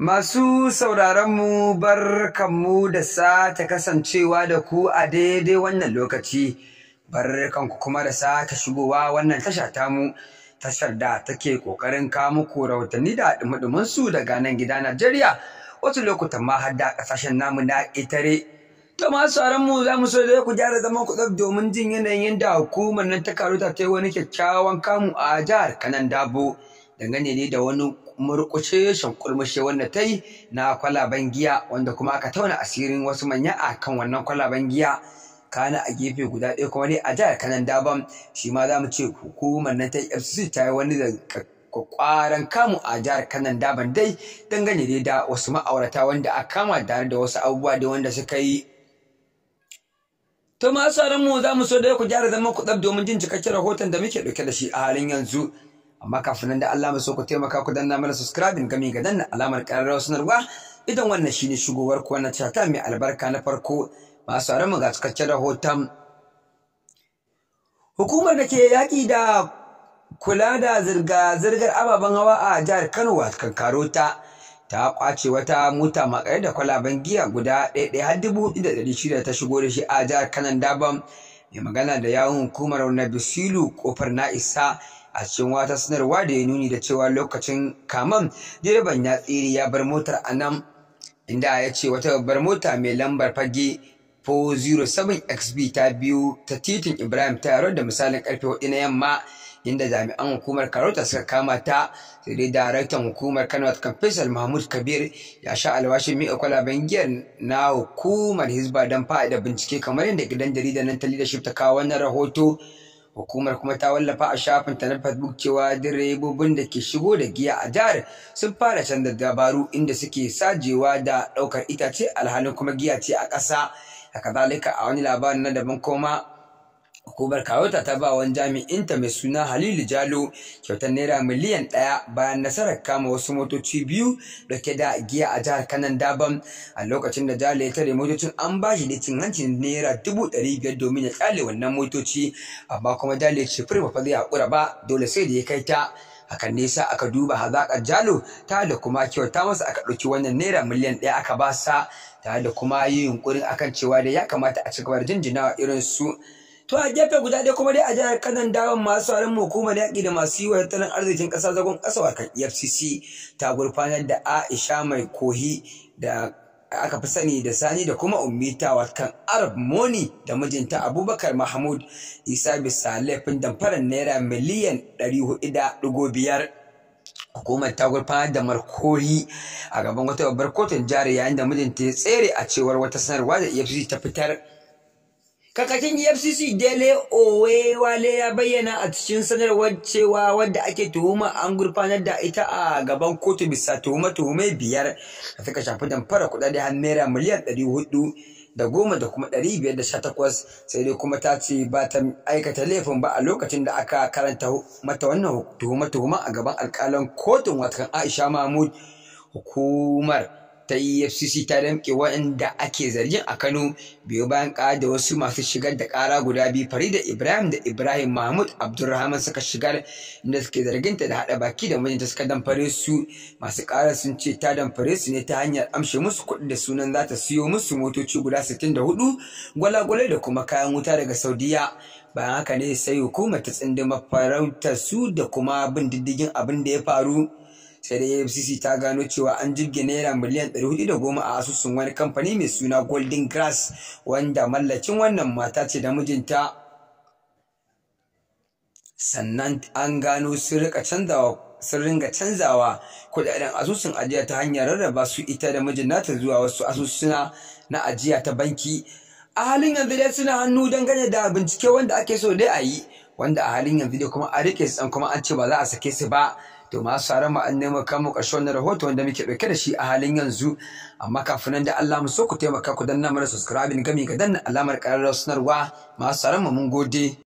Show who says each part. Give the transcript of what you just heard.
Speaker 1: Masu sauraronmu bar kanmu da sata kasancewa da ku a daidai wannan lokaci, bar kanku kuma da sata shigowa wannan tasha tamu, tashar da take ƙoƙarin kamu muku rahotanni da ɗumuɗuminsu daga nan gida Najeriya, wasu lokutan ma har da ƙasashen namu na itare. To masu mu za mu so da ku gyara zaman ku domin jin yanayin da hukumar nan ta karuta ta yi wani kyakkyawan kamu a jihar Kanan Dabo dangane ne da wani murƙuce shankulmushe wanda ta yi na kwalaben giya wanda kuma aka tauna asirin wasu manya a kan wannan kwalaben giya kana a gefe guda ɗaya kuma ne a jihar kanan daban shi ma za mu ce hukumar nan ta fcc ta yi wani kwakwaran kamu a jihar kanan daban dai dangane dai da wasu ma'aurata wanda a kama tare da wasu abubuwa dai wanda suka yi to masu mu za mu so da ku gyara zaman ku tsab domin jin cikakken rahoton da muke ɗauke da shi a halin yanzu amma kafin nan da Allah mai so ku taimaka ku danna mana subscribing gami ga danna alamar ƙararrawar sanarwa idan wannan shine shigowar ku wannan chata mai albarka na farko masu mu ga cikakken rahoton hukumar da ke yaƙi da kula da zirga-zirgar ababen hawa a jihar Kano wato Kankaro ta kwace wata mota makare da kwalaben giya guda ɗaya har dubu da ɗari shida ta shigo da shi a jihar Kanan daban mai magana da yawun hukumar na Bisilu kofar na isa a cikin wata sanarwa da ya nuni da cewa lokacin kaman direban ya tsere ya bar motar a nan inda ya ce wata babbar mota mai lambar fage 407xb ta biyu ta titin ibrahim ta yaro da misalin karfe hudu na yamma inda jami'an hukumar karota suka kama ta sai dai daraktan hukumar kano confessor mahmud kabir ya sha alwashin miƙa kwalaben giyar na hukumar hizba don fa'ida bincike kamar yadda gidan jaridar nan ta leadership ta kawo wannan rahoto hukumar kuma ta wallafa a shafin ta na facebook cewa direbobin da ke shigo da giya a jihar sun fara canza dabaru inda suke sajewa da ɗaukar itace alhalin kuma giya ce a ƙasa haka zalika a wani labarin na daban koma Hukumar Kayota ta ba wani jami'inta mai suna Halilu Jalo kyautar naira miliyan ɗaya bayan nasarar kama wasu motoci biyu dauke da giya a jihar Kanan Daban a lokacin da Jalo ya tare motocin an ba shi ne cin hancin naira dubu ɗari biyar domin ya kyale wannan motoci amma kuma Jalo ya ce fure fa zai haƙura ba dole sai da ya kai ta. hakan nesa aka duba hazaƙar jalo ta da kuma kyauta masa aka ɗauki wannan naira miliyan ɗaya aka ba sa tare da kuma yi yunƙurin akan cewa da ya kamata a ci gaba da jinjinawa irin su to a gefe guda dai kuma dai a jihar kanan dawon masu sauran hukumar yaƙi da masu yi wa tattalin arzikin ƙasa zagon ƙasa wakan FCC ta gurfanar da aisha mai kohi da aka fi sani da sani da kuma ummita kan arab moni da mijinta abubakar mahmud isa bisa laifin damfarar naira miliyan 400,000. hukumar ta gurfanar da markori a gaban wata babbar kotun jari yayin da mijinta ya tsere a cewar wata sanarwa da efcc ta fitar Kakakin EFCC Dele Owewale ya bayyana a cikin sanarwar cewa wadda ake tuhuma an gurfanar da ita a gaban kotu bisa tuhume-tuhume biyar da suka shafi damfara kuɗaɗe har naira miliyan ɗari hudu da goma da kuma ɗari biyar da sha takwas sai dai kuma ta ce ba ta aikata laifin ba a lokacin da aka karanta mata wannan tuhume-tuhume a gaban alƙalan kotun watakan Aisha Mahmud hukumar. ta fcc ta damke waɗanda ake zargin a kano biyu bayan ƙara da wasu masu shigar da ƙara guda biyu farida ibrahim da ibrahim mahmud abdulrahman suka shigar inda suke zarginta da haɗa baki da mijinta suka damfare su masu ƙara sun ce ta damfare su ne ta hanyar amshe musu kuɗi da sunan za ta siyo musu motoci guda sittin da hudu gwalagwalai da kuma kayan wuta daga saudiya bayan haka ne sai hukumar ta tsindi farautar su da kuma bin diddigin abin da ya faru sai da afcc ta gano cewa an jirgin naira miliyan 410 a asusun wani kamfani mai suna golden grass wanda mallakin wannan mata ce da mijinta sannan an gano sun rika canzawa sun ringa canzawa kudaden asusun ajiya ta hanyar rarraba su ita da mijin nata zuwa wasu asusuna na ajiya ta banki a halin yanzu dai suna hannu don gane da bincike wanda ake so dai a yi wanda a halin yanzu dai kuma a rike su kuma an ce ba za a sake su ba to ma sare mu an kan mu ƙarshen na rahoto wanda muke ɗauke da shi a halin yanzu amma kafin nan da Allah mu so ku taimaka ku danna mana subscribing gami ga danna alamar ƙararrawar sanarwa ma sare mu mun gode